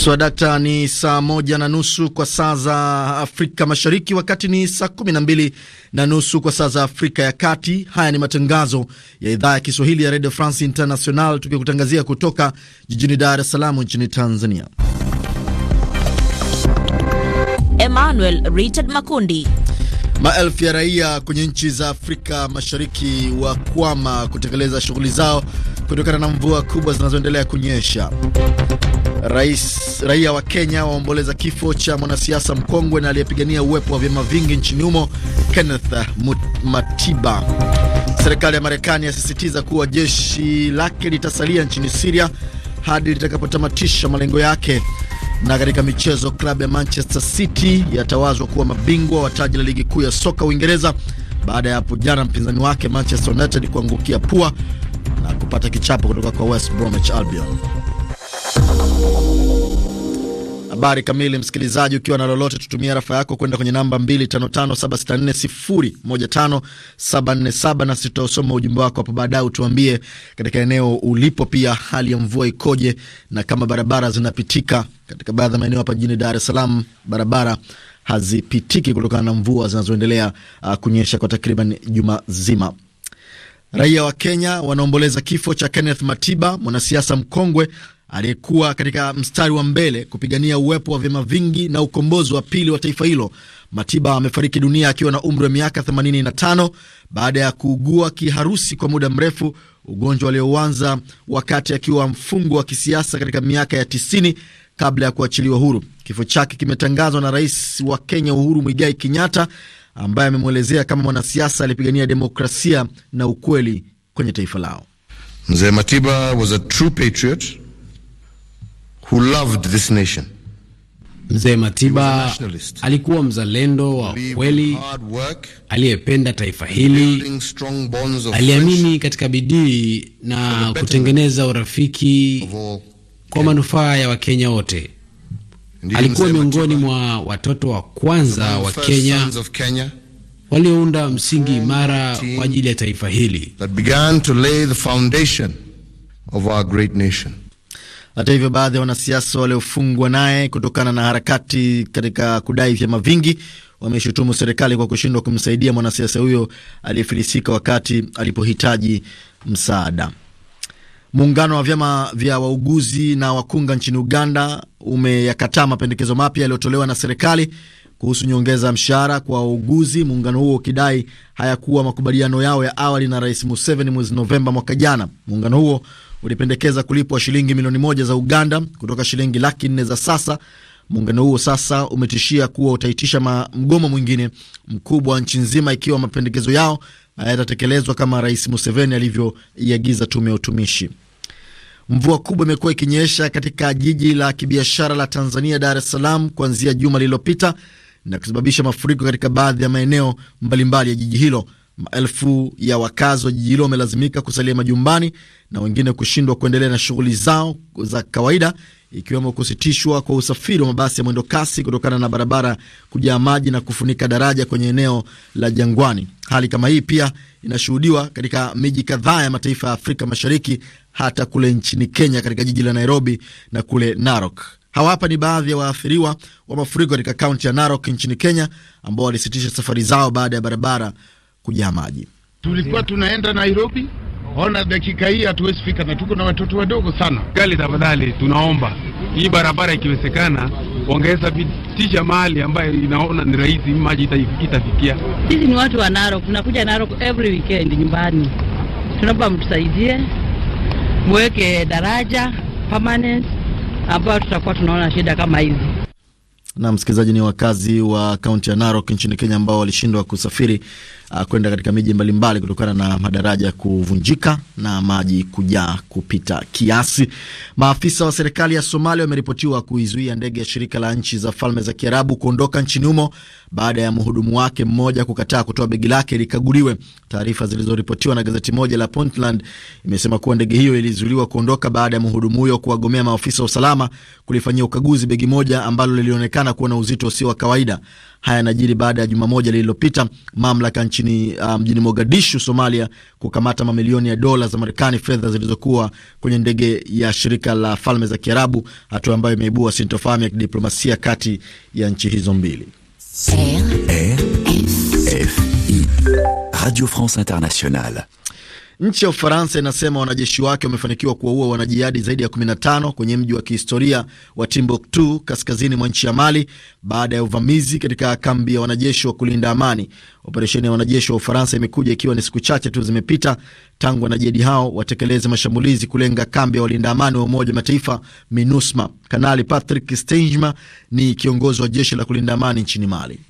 Swadakta ni saa moja na nusu kwa saa za Afrika Mashariki, wakati ni saa kumi na mbili na nusu kwa saa za Afrika ya Kati. Haya ni matangazo ya idhaa ya Kiswahili ya Radio France International, tukikutangazia kutoka jijini Dar es Salaam nchini Tanzania. Emmanuel Richard Makundi. Maelfu ya raia kwenye nchi za Afrika Mashariki wakwama kutekeleza shughuli zao kutokana na mvua kubwa zinazoendelea kunyesha. Rais, raia wa Kenya waomboleza kifo cha mwanasiasa mkongwe na aliyepigania uwepo wa vyama vingi nchini humo Kenneth Matiba. Serikali ya Marekani yasisitiza kuwa jeshi lake litasalia nchini Siria hadi litakapotamatisha malengo yake. Na katika michezo, klabu ya Manchester City yatawazwa kuwa mabingwa wa taji la ligi kuu ya soka Uingereza baada ya hapo jana mpinzani wake Manchester United kuangukia pua kupata kichapo kutoka kwa West Bromwich Albion. Habari kamili, msikilizaji, ukiwa na lolote, tutumia rafa yako kwenda kwenye namba 255764015747 na sitausoma ujumbe wako hapo baadaye. Utuambie katika eneo ulipo, pia hali ya mvua ikoje na kama barabara zinapitika. Katika baadhi ya maeneo hapa jijini Dar es Salaam barabara hazipitiki kutokana na mvua zinazoendelea uh, kunyesha kwa takriban juma zima. Raia wa Kenya wanaomboleza kifo cha Kenneth Matiba, mwanasiasa mkongwe aliyekuwa katika mstari wa mbele kupigania uwepo wa vyama vingi na ukombozi wa pili wa taifa hilo. Matiba amefariki dunia akiwa na umri wa miaka 85 baada ya kuugua kiharusi kwa muda mrefu, ugonjwa alioanza wakati akiwa mfungwa wa kisiasa katika miaka ya 90 kabla ya kuachiliwa huru. Kifo chake kimetangazwa na rais wa Kenya Uhuru Mwigai Kenyatta ambaye amemwelezea kama mwanasiasa alipigania demokrasia na ukweli kwenye taifa lao. Mzee Matiba was a true patriot who loved this nation. Mzee Matiba alikuwa mzalendo wa kweli aliyependa taifa hili, aliamini katika bidii na kutengeneza urafiki kwa manufaa ya Wakenya wote alikuwa miongoni mwa watoto wa kwanza wa Kenya, Kenya waliounda msingi imara kwa ajili ya taifa hili. Hata hivyo, baadhi ya wanasiasa waliofungwa naye kutokana na harakati katika kudai vyama vingi wameshutumu serikali kwa kushindwa kumsaidia mwanasiasa huyo aliyefilisika wakati alipohitaji msaada. Muungano wa vyama vya wauguzi na wakunga nchini Uganda umeyakataa mapendekezo mapya yaliyotolewa na serikali kuhusu nyongeza mshahara kwa wauguzi, muungano huo ukidai hayakuwa makubaliano yao ya awali na Rais Museveni mwezi Novemba mwaka jana. Muungano huo ulipendekeza kulipwa shilingi milioni moja za Uganda kutoka shilingi laki nne za sasa. Muungano huo sasa umetishia kuwa utaitisha mgomo mwingine mkubwa nchi nzima ikiwa mapendekezo yao hayatatekelezwa kama Rais Museveni alivyoiagiza tume ya utumishi. Mvua kubwa imekuwa ikinyesha katika jiji la kibiashara la Tanzania, Dar es Salaam, kuanzia juma lililopita na kusababisha mafuriko katika baadhi ya maeneo mbalimbali ya jiji hilo. Maelfu ya wakazi wa jiji hilo wamelazimika kusalia majumbani na wengine kushindwa kuendelea na shughuli zao za kawaida ikiwemo kusitishwa kwa usafiri wa mabasi ya mwendo kasi kutokana na barabara kujaa maji na kufunika daraja kwenye eneo la Jangwani. Hali kama hii pia inashuhudiwa katika miji kadhaa ya mataifa ya Afrika Mashariki, hata kule nchini Kenya, katika jiji la Nairobi na kule Narok. Hawa hapa ni baadhi ya waathiriwa wa mafuriko katika kaunti ya Narok nchini Kenya, ambao walisitisha safari zao baada ya barabara kujaa maji. Tulikuwa tunaenda Nairobi Ona dakika hii hatuwezi fika, na tuko na watoto wadogo sana. Gali, tafadhali tunaomba hii barabara ikiwezekana, ongeza pitisha mahali ambayo inaona ni rahisi maji itafikia. Sisi ni watu wa Narok, tunakuja Narok every weekend nyumbani. Tunaomba mtusaidie, mweke daraja permanent ambayo tutakuwa tunaona shida kama hizi na msikilizaji, ni wakazi wa kaunti ya Narok nchini Kenya ambao walishindwa kusafiri uh, kwenda katika miji mbalimbali kutokana na madaraja kuvunjika na maji kujaa kupita kiasi. Maafisa wa serikali ya Somalia wameripotiwa kuizuia ndege ya shirika la nchi za Falme za Kiarabu kuondoka nchini humo baada ya mhudumu wake mmoja kukataa kutoa begi lake likaguliwe. Taarifa zilizoripotiwa na gazeti moja la Puntland imesema kuwa ndege hiyo ilizuiliwa kuondoka baada ya mhudumu huyo kuwagomea maafisa wa usalama kulifanyia ukaguzi begi moja ambalo lilionekana kuwa na uzito usio wa kawaida. Haya yanajiri baada ya juma moja lililopita mamlaka nchini uh, mjini um, Mogadishu, Somalia, kukamata mamilioni ya dola za Marekani, fedha zilizokuwa kwenye ndege ya shirika la Falme za Kiarabu, hatua ambayo imeibua sintofahamu ya kidiplomasia kati ya nchi hizo mbili. Radio France Internationale Nchi ya Ufaransa inasema wanajeshi wake wamefanikiwa kuwaua wanajihadi zaidi ya 15 kwenye mji wa kihistoria wa Timbuktu kaskazini mwa nchi ya Mali baada ya uvamizi katika kambi ya wanajeshi wa kulinda amani. Operesheni ya wanajeshi wa Ufaransa imekuja ikiwa ni siku chache tu zimepita tangu wanajihadi hao watekeleze mashambulizi kulenga kambi ya walinda amani wa Umoja Mataifa MINUSMA. Kanali Patrick Steinma ni kiongozi wa jeshi la kulinda amani nchini Mali.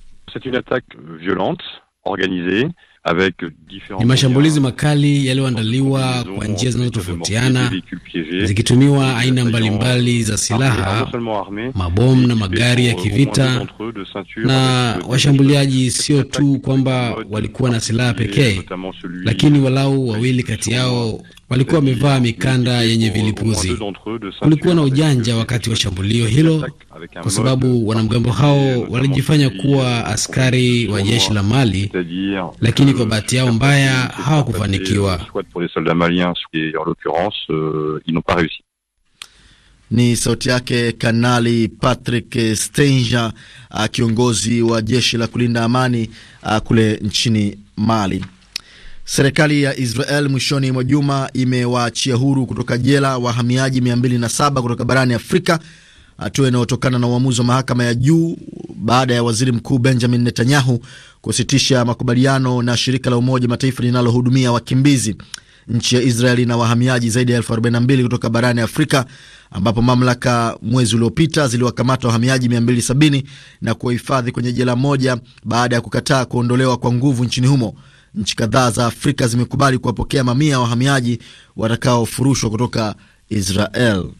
Avec ni mashambulizi makali yaliyoandaliwa kwa njia zinazotofautiana zikitumiwa aina mbalimbali za silaha, mabomu na magari ya kivita. Na washambuliaji sio tu kwamba walikuwa na silaha pekee, lakini walau wawili kati yao walikuwa wamevaa mikanda yenye vilipuzi. Kulikuwa na ujanja wakati wa shambulio hilo, kwa sababu wanamgambo hao walijifanya kuwa askari wa jeshi la Mali, lakini kwa bahati yao mbaya hawakufanikiwa. Ni sauti yake Kanali Patrick Stenger, kiongozi wa jeshi la kulinda amani ah, kule nchini Mali. Serikali ya Israel mwishoni mwa juma imewaachia huru kutoka jela wahamiaji 207 kutoka barani Afrika, hatua inayotokana na uamuzi wa mahakama ya juu baada ya waziri mkuu Benjamin Netanyahu kusitisha makubaliano na shirika la Umoja Mataifa linalohudumia wakimbizi. Nchi ya Israeli ina wahamiaji zaidi ya elfu arobaini na mbili kutoka barani Afrika, ambapo mamlaka mwezi uliopita ziliwakamata wahamiaji 270 na kuwahifadhi kwenye jela moja baada ya kukataa kuondolewa kwa nguvu nchini humo nchi kadhaa za Afrika zimekubali kuwapokea mamia ya wahamiaji watakaofurushwa kutoka Israel.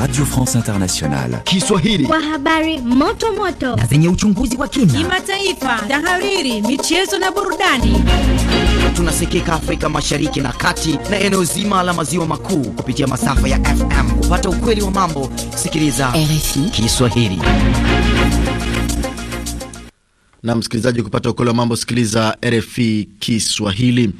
Radio France Internationale Kiswahili kwa habari moto moto na zenye uchunguzi wa kina, kimataifa, tahariri, michezo na burudani. Tunasikika Afrika Mashariki na Kati na eneo zima la maziwa makuu kupitia masafa ya FM. Kupata ukweli wa mambo, sikiliza RFI Kiswahili. Na msikilizaji, kupata ukweli wa mambo, sikiliza RFI Kiswahili.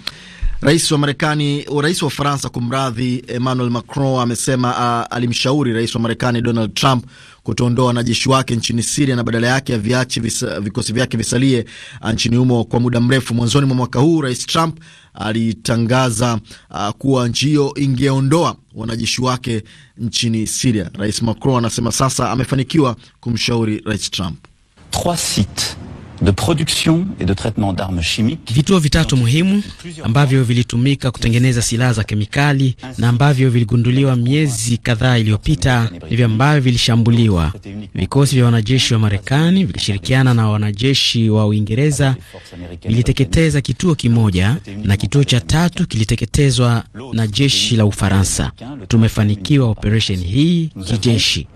Rais wa Marekani, rais wa Ufaransa kumradhi, Emmanuel Macron amesema alimshauri rais wa Marekani Donald Trump kutoondoa wanajeshi wake nchini Siria na badala yake aviache vikosi vyake visalie nchini humo kwa muda mrefu. Mwanzoni mwa mwaka huu Rais Trump alitangaza uh, kuwa nchi hiyo ingeondoa wanajeshi wake nchini Siria. Rais Macron anasema sasa amefanikiwa kumshauri Rais Trump Trois sites de production et de traitement d'armes chimiques. Vituo vitatu muhimu ambavyo vilitumika kutengeneza silaha za kemikali na ambavyo viligunduliwa miezi kadhaa iliyopita ni ambavyo vilishambuliwa. Vikosi vya wanajeshi wa Marekani vilishirikiana na wanajeshi wa Uingereza viliteketeza kituo kimoja na kituo cha tatu kiliteketezwa na jeshi la Ufaransa. Tumefanikiwa operesheni hii kijeshi.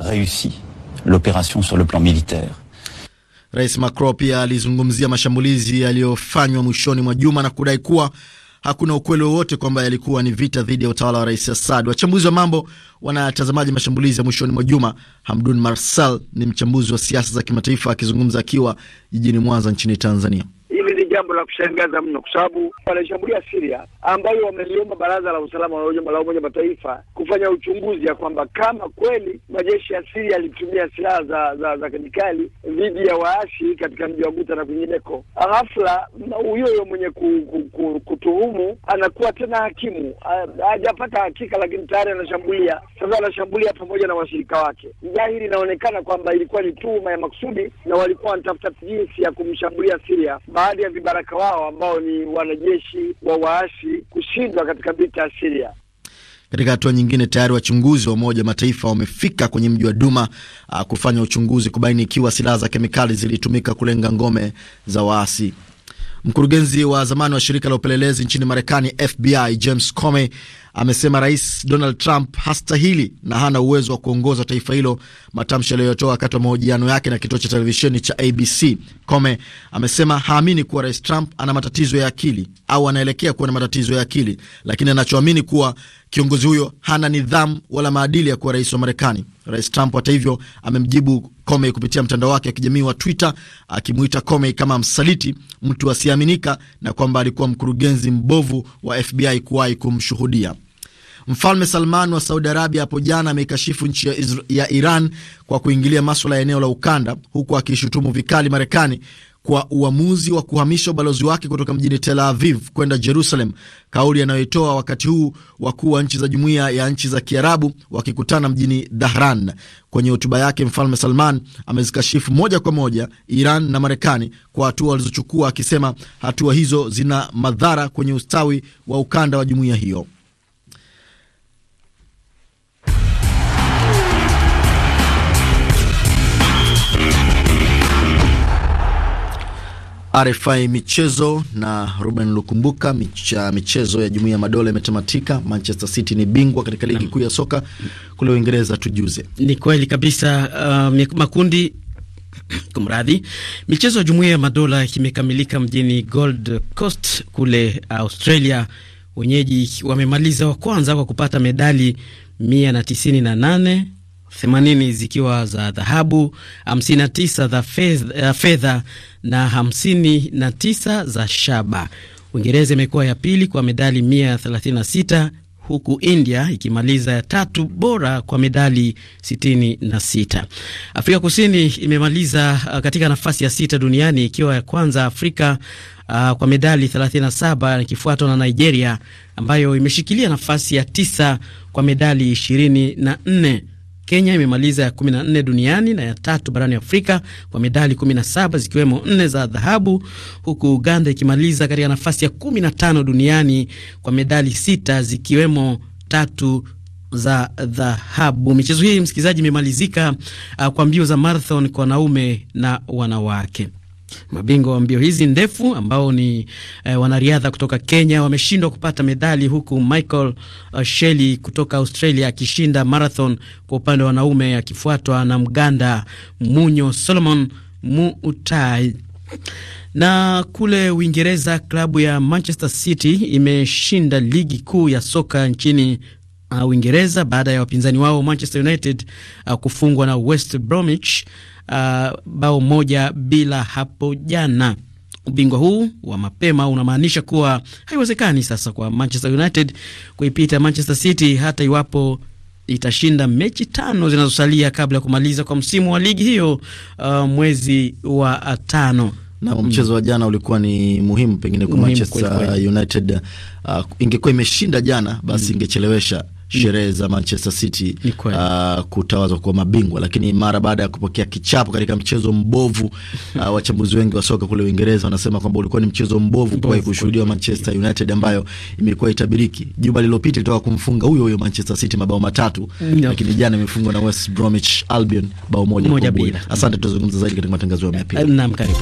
L'opération sur le plan militaire. Rais Macron pia alizungumzia mashambulizi yaliyofanywa mwishoni mwa juma na kudai kuwa hakuna ukweli wowote kwamba yalikuwa ni vita dhidi ya utawala wa Rais Assad. Wachambuzi wa mambo wanatazamaji mashambulizi ya mwishoni mwa juma. Hamdun Marsal ni mchambuzi wa siasa za kimataifa akizungumza akiwa jijini Mwanza nchini Tanzania hili ni jambo la kushangaza mno, kwa sababu wanashambulia Syria ambayo wameliomba baraza la usalama la Umoja Mataifa kufanya uchunguzi ya kwamba kama kweli majeshi ya Syria yalitumia silaha za, za, za kemikali dhidi ya waasi katika mji wa Guta na kwingineko. Ghafla huyo huyo mwenye ku, ku, ku, kutuhumu anakuwa tena hakimu, hajapata hakika, lakini tayari anashambulia sasa, anashambulia pamoja na washirika wake. Dhahiri inaonekana kwamba ilikuwa ni tuhuma ya makusudi na walikuwa wanatafuta jinsi ya kumshambulia Syria baada baadhi ya vibaraka wao ambao ni wanajeshi wa waasi kushindwa katika vita ya Siria. Katika hatua nyingine, tayari wachunguzi wa Umoja Mataifa wamefika kwenye mji wa Duma uh, kufanya uchunguzi kubaini ikiwa silaha za kemikali zilitumika kulenga ngome za waasi. Mkurugenzi wa zamani wa shirika la upelelezi nchini Marekani FBI James Comey amesema Rais Donald Trump hastahili na hana uwezo wa kuongoza taifa hilo, matamshi aliyotoa wakati wa mahojiano yake na kituo cha televisheni cha ABC. Comey amesema haamini kuwa Rais Trump ana matatizo ya akili au anaelekea kuwa na matatizo ya akili, lakini anachoamini kuwa kiongozi huyo hana nidhamu wala maadili ya kuwa rais wa Marekani. Rais Trump hata hivyo amemjibu Comey kupitia mtandao wake wa kijamii wa Twitter akimwita Comey kama msaliti, mtu asiaminika, na kwamba alikuwa mkurugenzi mbovu wa FBI kuwahi kumshuhudia. Mfalme Salman wa Saudi Arabia hapo jana ameikashifu nchi ya, Iran kwa kuingilia maswala ya eneo la ukanda, huku akishutumu vikali Marekani kwa uamuzi wa kuhamisha ubalozi wake kutoka mjini Tel Aviv kwenda Jerusalem, kauli anayoitoa wakati huu wakuu wa nchi za jumuiya ya nchi za Kiarabu wakikutana mjini dahran Kwenye hotuba yake, Mfalme Salman amezikashifu moja kwa moja Iran na Marekani kwa hatua walizochukua, akisema hatua hizo zina madhara kwenye ustawi wa ukanda wa jumuiya hiyo. RFI michezo na Ruben Lukumbuka. Micha, michezo ya Jumuiya ya Madola imetamatika. Manchester City ni bingwa katika ligi kuu ya soka kule Uingereza. Tujuze. Ni kweli kabisa. Uh, makundi kumradhi, michezo ya Jumuiya ya Madola imekamilika mjini Gold Coast kule Australia. Wenyeji wamemaliza wa kwanza kwa kupata medali mia na tisini na nane 80 zikiwa za dhahabu, 59 za fedha eh, na 59 za shaba. Uingereza imekuwa ya pili kwa medali 136 huku India ikimaliza ya tatu bora kwa medali 66. Afrika Kusini imemaliza eh, katika nafasi ya sita duniani ikiwa ya kwanza Afrika uh, kwa medali 37 ikifuatwa na Nigeria ambayo imeshikilia nafasi ya tisa kwa medali 24. Kenya imemaliza ya 14 duniani na ya tatu barani Afrika kwa medali 17 zikiwemo nne za dhahabu, huku Uganda ikimaliza katika nafasi ya 15 duniani kwa medali sita zikiwemo tatu za dhahabu. Michezo hii msikilizaji, imemalizika uh, kwa mbio za marathon kwa wanaume na wanawake. Mabingwa wa mbio hizi ndefu ambao ni eh, wanariadha kutoka Kenya wameshindwa kupata medali, huku Michael uh, Shelley kutoka Australia akishinda marathon kwa upande wa wanaume, akifuatwa na Mganda Munyo Solomon Muutai. Na kule Uingereza, klabu ya Manchester City imeshinda ligi kuu ya soka nchini uh, Uingereza uh, baada ya wapinzani wao Manchester United uh, kufungwa na West Bromwich uh, bao moja bila hapo jana. Ubingwa huu wa mapema unamaanisha kuwa haiwezekani sasa kwa Manchester United kuipita Manchester City hata iwapo itashinda mechi tano zinazosalia kabla ya kumaliza kwa msimu wa ligi hiyo uh, mwezi wa tano. Na mchezo wa jana ulikuwa ni muhimu pengine kwa Manchester United. Uh, ingekuwa imeshinda jana basi mm, ingechelewesha sherehe za Manchester City uh, kutawazwa kuwa mabingwa, lakini mara baada ya kupokea kichapo katika mchezo mbovu uh, wachambuzi wengi wa soka kule Uingereza wanasema kwamba ulikuwa ni mchezo mbovu kwa kushuhudiwa Manchester United ambayo imekuwa itabiriki. Juma lililopita ilitoka kumfunga huyo huyo Manchester City mabao matatu no. lakini jana imefungwa na West Bromwich Albion bao moja moja bila. Asante, tutazungumza zaidi katika matangazo ya Naam, karibu.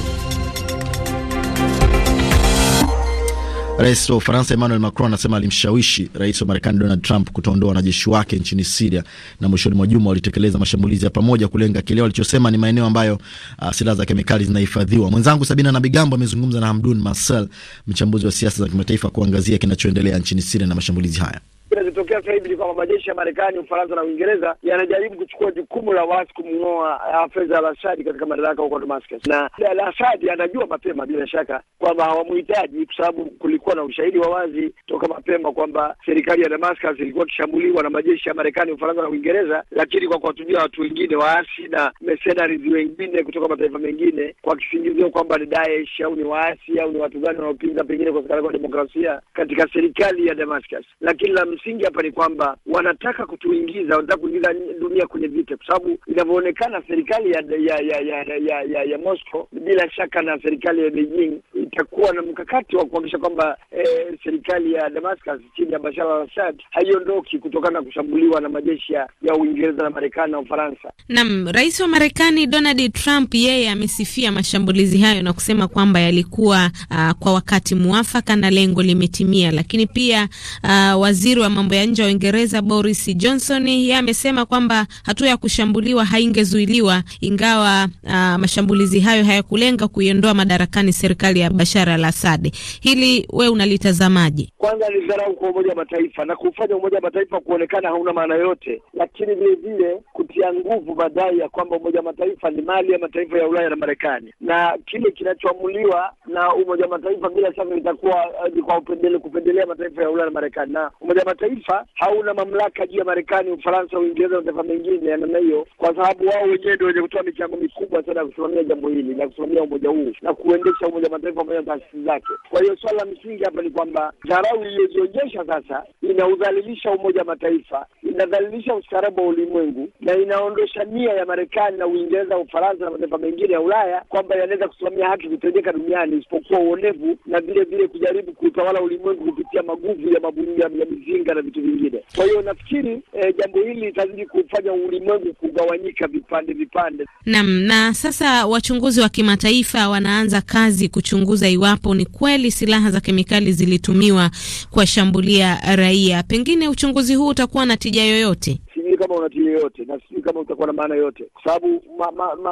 Rais wa Ufaransa Emmanuel Macron anasema alimshawishi rais wa Marekani Donald Trump kutoondoa wanajeshi wake nchini Siria, na mwishoni mwa juma walitekeleza mashambulizi ya pamoja kulenga kile walichosema ni maeneo ambayo uh, silaha za kemikali zinahifadhiwa. Mwenzangu Sabina na Bigambo amezungumza na Hamdun Marcel, mchambuzi wa siasa za kimataifa, kuangazia kinachoendelea nchini Siria na mashambulizi haya kinachotokea sasa hivi ni kwamba majeshi ya Marekani, Ufaransa na Uingereza yanajaribu kuchukua jukumu la waasi kumng'oa eh, Hafez al Asadi katika madaraka huko Damascus, na al Asadi anajua mapema bila shaka kwamba hawamuhitaji, kwa sababu kulikuwa na ushahidi wa wazi toka mapema kwamba serikali ya Damascus ilikuwa ikishambuliwa na majeshi ya Marekani, Ufaransa na Uingereza, lakini kwa kuwatumia watu wengine waasi na mercenaries wengine kutoka mataifa mengine kwa kisingizio kwamba ni Daesh au ni waasi au ni watu gani wanaopinga pengine kwa kwa demokrasia katika serikali ya Damascus, lakini la msingi hapa ni kwamba wanataka kutuingiza, wanataka kuingiza dunia kwenye vita, kwa sababu inavyoonekana serikali ya ya ya ya, ya, ya, ya Moscow bila shaka na serikali ya Beijing itakuwa na mkakati wa kuhakikisha kwamba eh, serikali ya Damascus chini ya Bashar al-Assad haiondoki kutokana na kushambuliwa na majeshi ya Uingereza na Marekani na Ufaransa. Naam, rais wa Marekani Donald Trump yeye amesifia mashambulizi hayo na kusema kwamba yalikuwa uh, kwa wakati muafaka na lengo limetimia, lakini pia uh, waziri wa mambo ya nje wa Uingereza Boris Johnson yeye amesema kwamba hatua ya kushambuliwa haingezuiliwa ingawa uh, mashambulizi hayo hayakulenga kuiondoa madarakani serikali ya Bashar al-Assad. Hili we unalitazamaje? Kwanza ni dharau kwa Umoja wa Mataifa na kufanya Umoja wa Mataifa kuonekana hauna maana yote, lakini vile vile kutia nguvu madai ya kwamba Umoja wa Mataifa ni mali ya mataifa ya Ulaya na Marekani, na kile kinachoamuliwa na Umoja wa Mataifa bila shaka itakuwa eh, ni kwa upendele kupendelea mataifa ya Ulaya na Marekani na Umoja wa kimataifa hauna mamlaka juu ya Marekani, Ufaransa, Uingereza na mataifa mengine ya namna hiyo, kwa sababu wao wenyewe ndio wenye kutoa michango mikubwa sana ya kusimamia jambo hili na kusimamia umoja huu na kuendesha Umoja wa Mataifa pamoja na taasisi zake. Kwa hiyo swala la msingi hapa ni kwamba dharau iliyojionyesha sasa inaudhalilisha Umoja wa Mataifa, inadhalilisha ustaarabu wa ulimwengu na inaondosha nia ya Marekani na Uingereza, Ufaransa na mataifa mengine ya Ulaya kwamba yanaweza kusimamia haki kutendeka duniani isipokuwa uonevu na vile vile kujaribu kuutawala ulimwengu kupitia maguvu ya mabunia ya mizingi ujinga na vitu vingine. Kwa hiyo nafikiri eh, jambo hili litazidi kufanya ulimwengu kugawanyika vipande vipande. Naam, na sasa wachunguzi wa kimataifa wanaanza kazi kuchunguza iwapo ni kweli silaha za kemikali zilitumiwa kuwashambulia raia. Pengine uchunguzi huu utakuwa na tija yoyote? kama una timu yoyote, na sijui kama utakuwa na maana yoyote, kwa sababu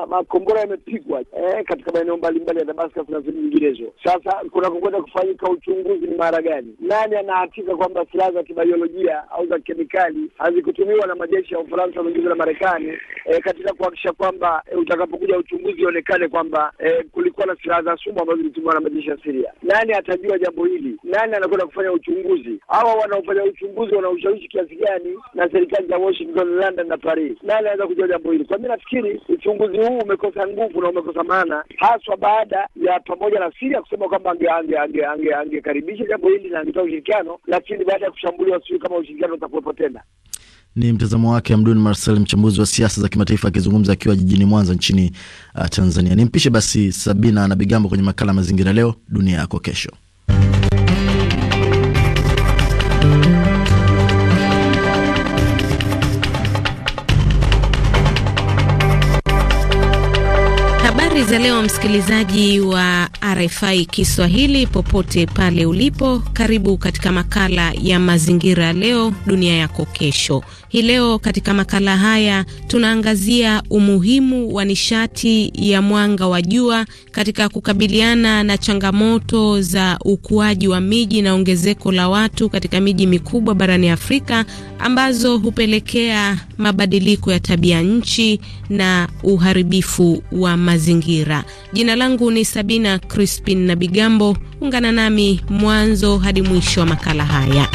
makombora ma, ma, yamepigwa eh, katika maeneo mbalimbali ya Damascus na sehemu nyinginezo. Sasa kunakokwenda kufanyika uchunguzi ni mara gani, nani anahakika kwamba silaha za kibaiolojia au za kemikali hazikutumiwa na majeshi ya Ufaransa, Uingereza na Marekani eh, katika kuhakikisha kwamba eh, utakapokuja uchunguzi ionekane kwamba eh, kulikuwa na silaha za sumu ambazo zilitumiwa na majeshi ya Syria. Nani atajua jambo hili? Nani anakwenda kufanya uchunguzi? Hawa wanaofanya uchunguzi wana ushawishi kiasi gani na serikali za Washington London, London na Paris. Nani anaweza kujua jambo hili? Kwa mimi nafikiri uchunguzi huu umekosa nguvu na umekosa maana, haswa baada ya pamoja na Syria kusema kwamba ange- angekaribisha jambo hili na angetoa ushirikiano, lakini baada ya kushambuliwa, sijui kama ushirikiano utakuwepo tena. Ni mtazamo wake Amdun Marcel, mchambuzi wa siasa za kimataifa, akizungumza akiwa jijini Mwanza nchini uh, Tanzania. Nimpishe basi Sabina na Bigambo kwenye makala Mazingira Leo Dunia Yako Kesho. za ya leo, msikilizaji wa RFI Kiswahili popote pale ulipo, karibu katika makala ya mazingira leo dunia yako kesho. Hii leo katika makala haya tunaangazia umuhimu wa nishati ya mwanga wa jua katika kukabiliana na changamoto za ukuaji wa miji na ongezeko la watu katika miji mikubwa barani Afrika ambazo hupelekea mabadiliko ya tabia nchi na uharibifu wa mazingira. Jina langu ni Sabina Crispin na Bigambo. Ungana nami mwanzo hadi mwisho wa makala haya.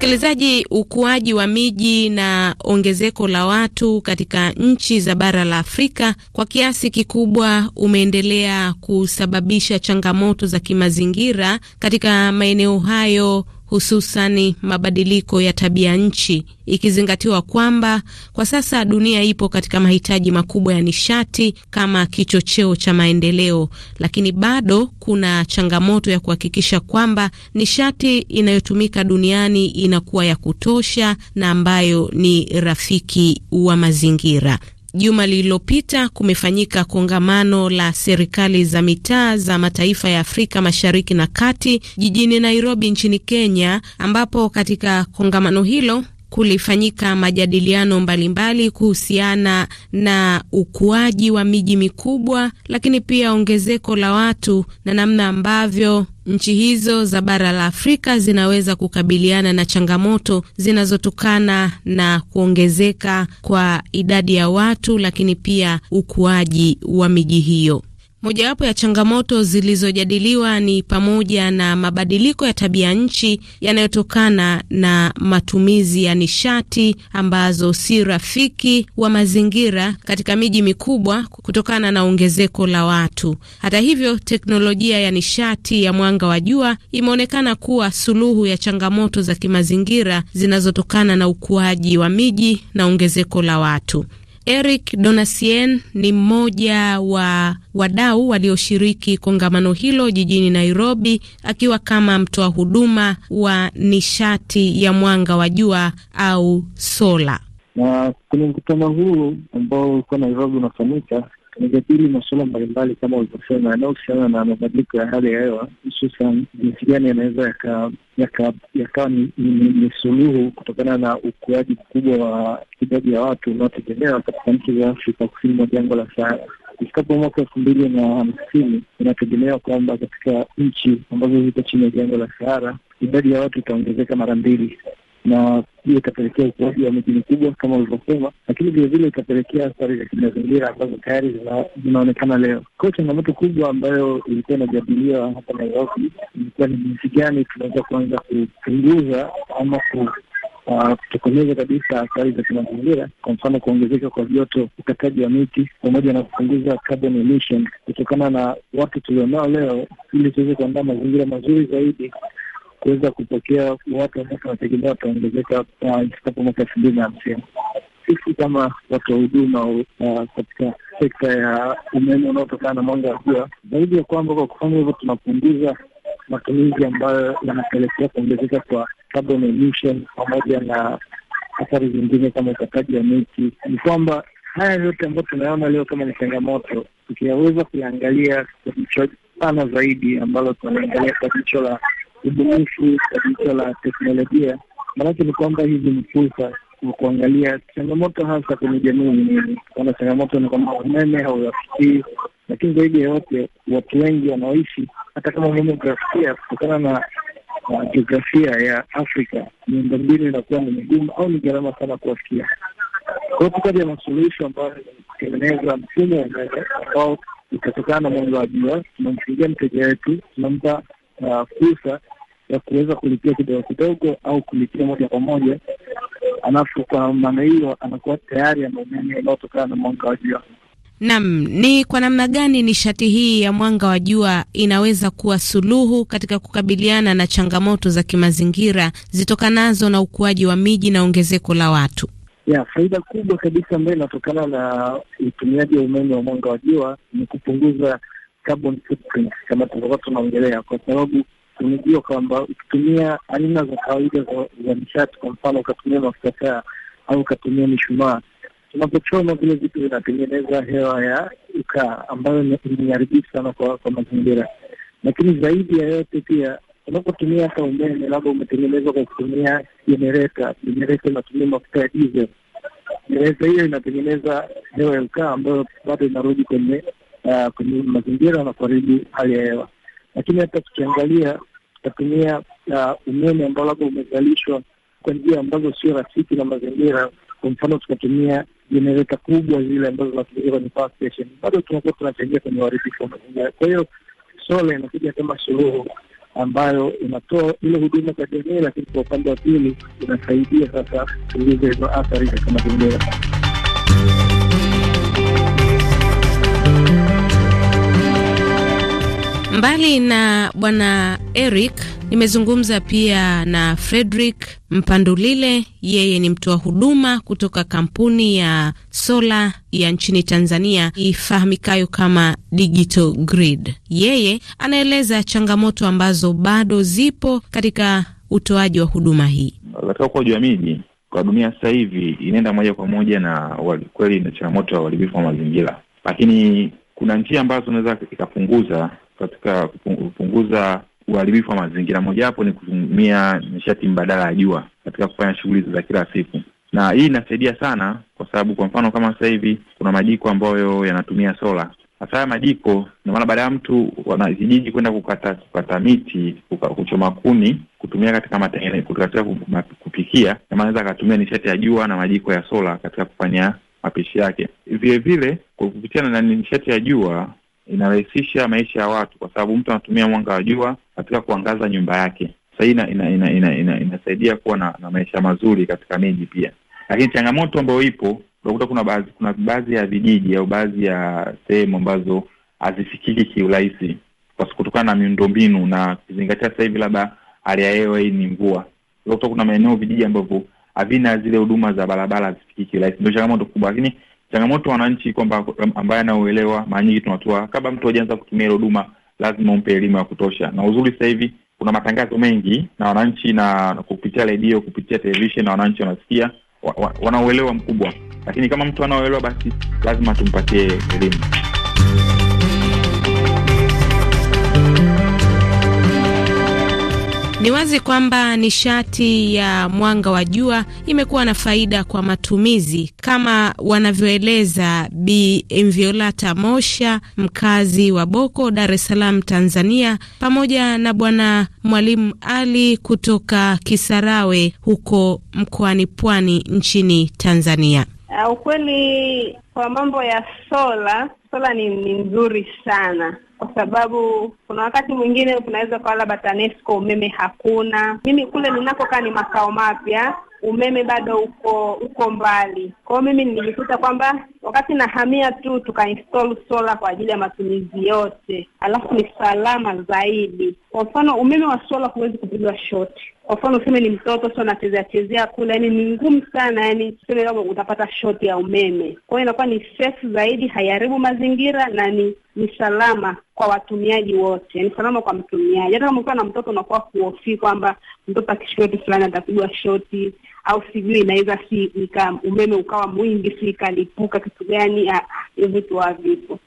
Msikilizaji, ukuaji wa miji na ongezeko la watu katika nchi za bara la Afrika kwa kiasi kikubwa umeendelea kusababisha changamoto za kimazingira katika maeneo hayo hususani mabadiliko ya tabia nchi, ikizingatiwa kwamba kwa sasa dunia ipo katika mahitaji makubwa ya nishati kama kichocheo cha maendeleo, lakini bado kuna changamoto ya kuhakikisha kwamba nishati inayotumika duniani inakuwa ya kutosha na ambayo ni rafiki wa mazingira. Juma lililopita kumefanyika kongamano la serikali za mitaa za mataifa ya Afrika Mashariki na Kati jijini Nairobi nchini Kenya, ambapo katika kongamano hilo kulifanyika majadiliano mbalimbali kuhusiana na ukuaji wa miji mikubwa, lakini pia ongezeko la watu na namna ambavyo nchi hizo za bara la Afrika zinaweza kukabiliana na changamoto zinazotokana na kuongezeka kwa idadi ya watu, lakini pia ukuaji wa miji hiyo. Mojawapo ya changamoto zilizojadiliwa ni pamoja na mabadiliko ya tabia nchi yanayotokana na matumizi ya nishati ambazo si rafiki wa mazingira katika miji mikubwa kutokana na ongezeko la watu. Hata hivyo, teknolojia ya nishati ya mwanga wa jua imeonekana kuwa suluhu ya changamoto za kimazingira zinazotokana na ukuaji wa miji na ongezeko la watu. Eric Donasien ni mmoja wa wadau walioshiriki kongamano hilo jijini Nairobi, akiwa kama mtoa huduma wa nishati ya mwanga wa jua au sola. Na kwenye mkutano huu ambao ulikuwa Nairobi unafanyika Tunajadili masuala mbalimbali kama ulivyosema, yanayohusiana na mabadiliko ya hali ya hewa, hususan jinsi gani yanaweza yakawa yaka, yaka ni, ni, ni, ni suluhu kutokana na ukuaji mkubwa wa idadi ya watu unaotegemewa katika nchi za Afrika kusini mwa jangwa la Sahara ifikapo mwaka elfu mbili na hamsini inategemewa kwamba katika nchi ambazo ziko chini ya jangwa la Sahara idadi ya watu itaongezeka mara mbili na hiyo itapelekea ukuaji wa miji mikubwa kama ulivyosema, lakini vilevile itapelekea athari za kimazingira ambazo tayari zinaonekana leo. Kwa hiyo changamoto kubwa ambayo ilikuwa inajadiliwa hapa Nairobi ilikuwa ni jinsi gani tunaweza kuanza kupunguza ama ku uh, kutokomeza uh, kabisa athari za kimazingira, kwa mfano kuongezeka kwa joto, ukataji wa miti, pamoja na kupunguza carbon emission kutokana na watu tulionao leo, ili tuweze kuandaa mazingira mazuri zaidi kuweza kupokea watu ambao tunategemea wataongezeka ifikapo mwaka elfu mbili na hamsini. Sisi kama watoa huduma uh, katika sekta ya umeme unaotokana na mwanga wa jua, zaidi ya kwamba kwa kufanya hivyo tunapunguza matumizi ambayo yanapelekea kuongezeka kwa carbon emission pamoja na athari zingine kama ukataji wa miti. Ni kwamba haya yote ambayo tunayaona leo kama ni changamoto, tukiyaweza kuyaangalia kwa jicho pana zaidi, ambalo tunaangalia kwa jicho la ubunifu katika la teknolojia. Maanake ni kwamba hizi ni fursa wa kuangalia changamoto hasa kwenye jamii nyingine. Kuna changamoto ni kwamba umeme hauwafikii, lakini zaidi ya yote watu wengi wanaoishi, hata kama umeme utawafikia, kutokana na jiografia ya Afrika miundombinu inakuwa ni migumu au ni gharama sana kuwafikia. Kwa hiyo tukaja masuluhisho ambayo imetengeneza mfumo wa umeme ambao utatokana na mwanga wa jua, tunamfungia mteja wetu, tunampa uh, fursa ya kuweza kulipia kidogo kidogo au kulipia moja kwa moja, alafu kwa maana hiyo anakuwa tayari ana umeme unaotokana na mwanga wa jua. Naam, ni kwa namna gani nishati hii ya mwanga wa jua inaweza kuwa suluhu katika kukabiliana na changamoto za kimazingira zitokanazo na ukuaji wa miji na ongezeko la watu? Ya, faida kubwa kabisa ambayo inatokana na utumiaji wa umeme wa mwanga wa jua ni kupunguza carbon footprint, kama tulikuwa tunaongelea, kwa sababu tumejua kwamba ukitumia aina za kawaida za nishati, kwa mfano ukatumia mafuta au ukatumia mishumaa, tunapochoma vile vitu vinatengeneza hewa ya ukaa ambayo imeharibifu sana kwa, kwa mazingira. Lakini zaidi ya yote pia unapotumia hata umeme, labda umetengenezwa kwa kutumia jenereta, jenereta inatumia mafuta ya diesel. Jenereta hiyo inatengeneza hewa ya ukaa ambayo bado inarudi kwenye uh, kwenye mazingira na kuharibu hali ya hewa. Lakini hata tukiangalia utatumia uh, umeme ambao labda umezalishwa kwa njia ambazo sio rafiki na mazingira. Kwa mfano, tukatumia jenereta kubwa zile ambazo zinatumika kwenye power station, bado tunakuwa tunachangia kwenye uharibifu wa mazingira. Kwa hiyo sola inakuja kama suluhu ambayo inatoa ile huduma kwa jamii, lakini kwa upande wa pili inasaidia sasa kupunguza hizo athari katika mazingira. Mbali na bwana Eric, nimezungumza pia na Frederick Mpandulile. Yeye ni mtoa huduma kutoka kampuni ya sola ya nchini Tanzania ifahamikayo kama Digital Grid. Yeye anaeleza changamoto ambazo bado zipo katika utoaji wa huduma hii katika ukoaji wa miji kwa dunia sasa hivi inaenda moja kwa moja na kweli na changamoto ya uharibifu wa mazingira, lakini kuna njia ambazo unaweza ikapunguza katika kupunguza uharibifu wa mazingira. Mojawapo ni kutumia nishati mbadala ya jua katika kufanya shughuli za kila siku, na hii inasaidia sana kwa sababu, kwa mfano kama sasa hivi kuna majiko ambayo yanatumia sola hasa ya majiko. Ndio maana baada ya mtu wana kijiji kwenda kukata kukata miti kuka, kuchoma kuni kutumia katika katika kupikia, kama anaweza akatumia nishati ya jua na majiko ya sola katika kufanya mapishi yake. vilevile kwa kupitia na nishati ya jua inarahisisha maisha ya watu, kwa sababu mtu anatumia mwanga wa jua katika kuangaza nyumba yake. Sasa ina, ina, ina, ina, ina, inasaidia kuwa na, na maisha mazuri katika miji pia, lakini changamoto ambayo ipo unakuta kuna baadhi kuna baadhi ya vijiji au baadhi ya sehemu ambazo hazifikiki kiurahisi kutokana na miundombinu na kizingatia sasa hivi labda hali ya hewa hii ni mvua. Unakuta kuna maeneo vijiji ambavyo havina zile huduma za barabara hazifikiki kiurahisi, ndio changamoto kubwa, lakini Changamoto wananchi kwamba ambaye anauelewa, mara nyingi tunatoa kabla mtu hajaanza kutumia ile huduma, lazima umpe elimu ya kutosha. Na uzuri sasa hivi kuna matangazo mengi na wananchi na kupitia redio, kupitia televishen na wananchi wanasikia wanauelewa mkubwa, lakini kama mtu anaoelewa, basi lazima tumpatie elimu. Ni wazi kwamba nishati ya mwanga wa jua imekuwa na faida kwa matumizi, kama wanavyoeleza Bi Mviolata Mosha, mkazi wa Boko, Dar es Salaam, Tanzania, pamoja na Bwana Mwalimu Ali kutoka Kisarawe huko mkoani Pwani nchini Tanzania. Uh, ukweli kwa mambo ya sola, sola ni, ni nzuri sana kwa sababu kuna wakati mwingine unaweza ukawa labda TANESCO umeme hakuna. Mimi kule ninakokaa ni makao mapya, umeme bado uko uko mbali. kwao. mimi nilijikuta kwamba wakati nahamia tu tukainstall sola kwa ajili ya matumizi yote, alafu ni salama zaidi. Kwa mfano umeme wa sola huwezi kupigwa shoti. Kwa mfano useme ni mtoto so anachezea chezea kule, yani ni ngumu sana, yani useme labda utapata shoti ya umeme. Kwa hiyo inakuwa ni safe zaidi, haiharibu mazingira na ni ni salama kwa watumiaji wote, ni salama kwa mtumiaji. Hata kama ukiwa na mtoto unakuwa kuhofii kwamba mtoto akishoti fulani atapigwa shoti au sijui inaweza si nika umeme ukawa mwingi si ikalipuka kitu gani, ah, ah, vitu havipo.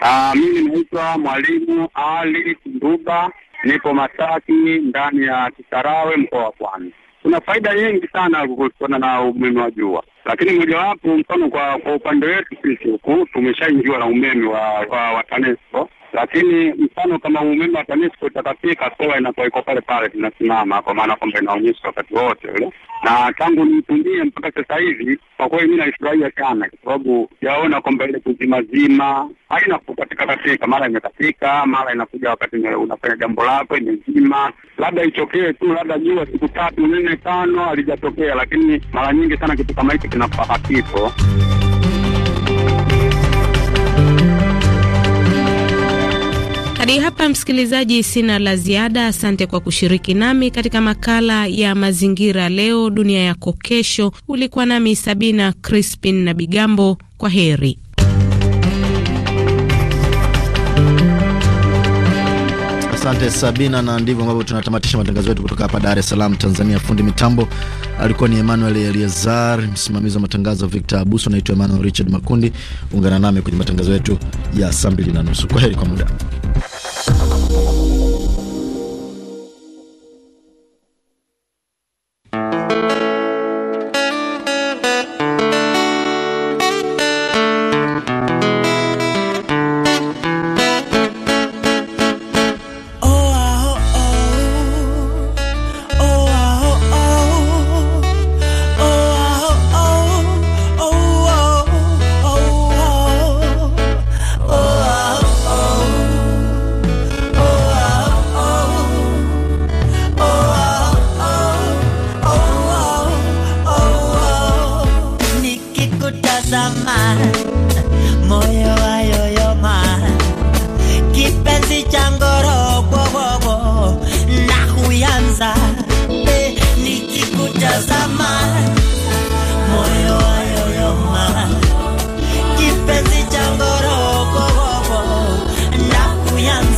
Ah, mimi naitwa Mwalimu Ali Nduba, nipo Masaki ndani ya Kisarawe, mkoa wa Pwani. Kuna faida nyingi sana kuhusiana na umeme wa jua lakini mojawapo mfano kwa kwa upande wetu sisi huku tumeshaingiwa na umeme wa wa, wa TANESCO lakini mfano kama umeme wa TANESCO utakapika sola inakuwa iko pale pale tunasimama, kwa maana kwamba inaonyesha wakati wote ule, na tangu niitumie mpaka sasa hivi, kwa kweli mi naifurahia sana, kwa sababu yaona kwamba ile kuzimazima haina kukatika katika, mara imekatika, mara inakuja wakati unafanya jambo lako imezima, labda itokee tu, labda jua siku tatu nne tano alijatokea, lakini mara nyingi sana kitu kama hiki kifo Hadi hapa msikilizaji, sina la ziada. Asante kwa kushiriki nami katika makala ya mazingira leo dunia yako kesho. Ulikuwa nami Sabina Crispin na Bigambo. Kwa heri. Asante Sabina, na ndivyo ambavyo tunatamatisha matangazo yetu kutoka hapa Dar es Salaam, Tanzania. Fundi mitambo alikuwa ni Emmanuel Eliazar, msimamizi wa matangazo Victor Abuso. Naitwa Emmanuel Richard Makundi. Ungana nami kwenye matangazo yetu ya saa mbili na nusu. Kwa heri kwa muda.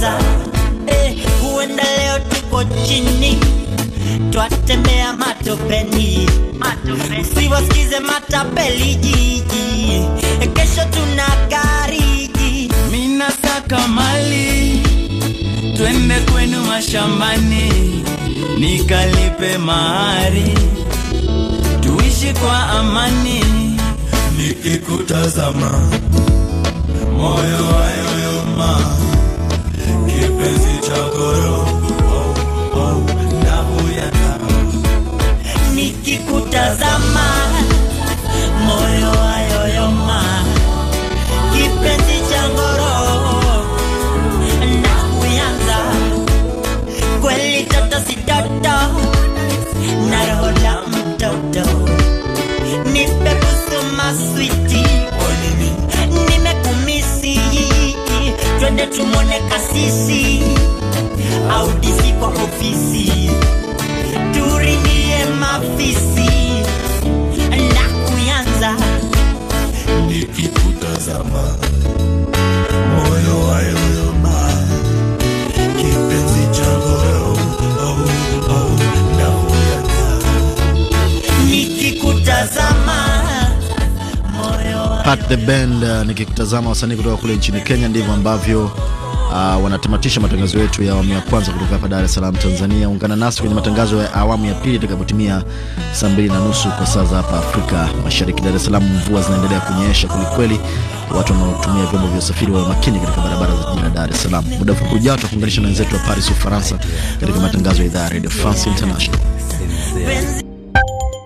kwanza eh, huenda leo tuko chini twatembea matopeni, matopeni. Usiwasikize matapeli jiji, kesho tuna kariji. Mina saka mali, twende kwenu mashambani, nikalipe mahari, tuishi kwa amani. Nikikutazama moyo wayoyoma kipenzi oh, oh, oh, nikikutazama moyo ayoyoma kipenzi tuende tumone kasisi au disi kwa ofisi, turingie mafisi Cut the Band. Uh, nikikutazama wasanii kutoka kule nchini Kenya, ndivyo ambavyo uh, wanatamatisha matangazo yetu ya awamu ya kwanza kutoka hapa Dar es Salaam Tanzania. Ungana nasi kwenye matangazo ya awamu ya pili itakapotimia saa mbili na nusu kwa saa za hapa Afrika Mashariki. Dar es Salaam mvua zinaendelea kunyesha kwelikweli, watu wanaotumia vyombo vya usafiri wawe makini katika barabara za jiji Dar es Salaam. Muda mfupi ujao tutakuunganisha na wenzetu wa Paris, Ufaransa, katika matangazo ya idhaa ya Radio France International.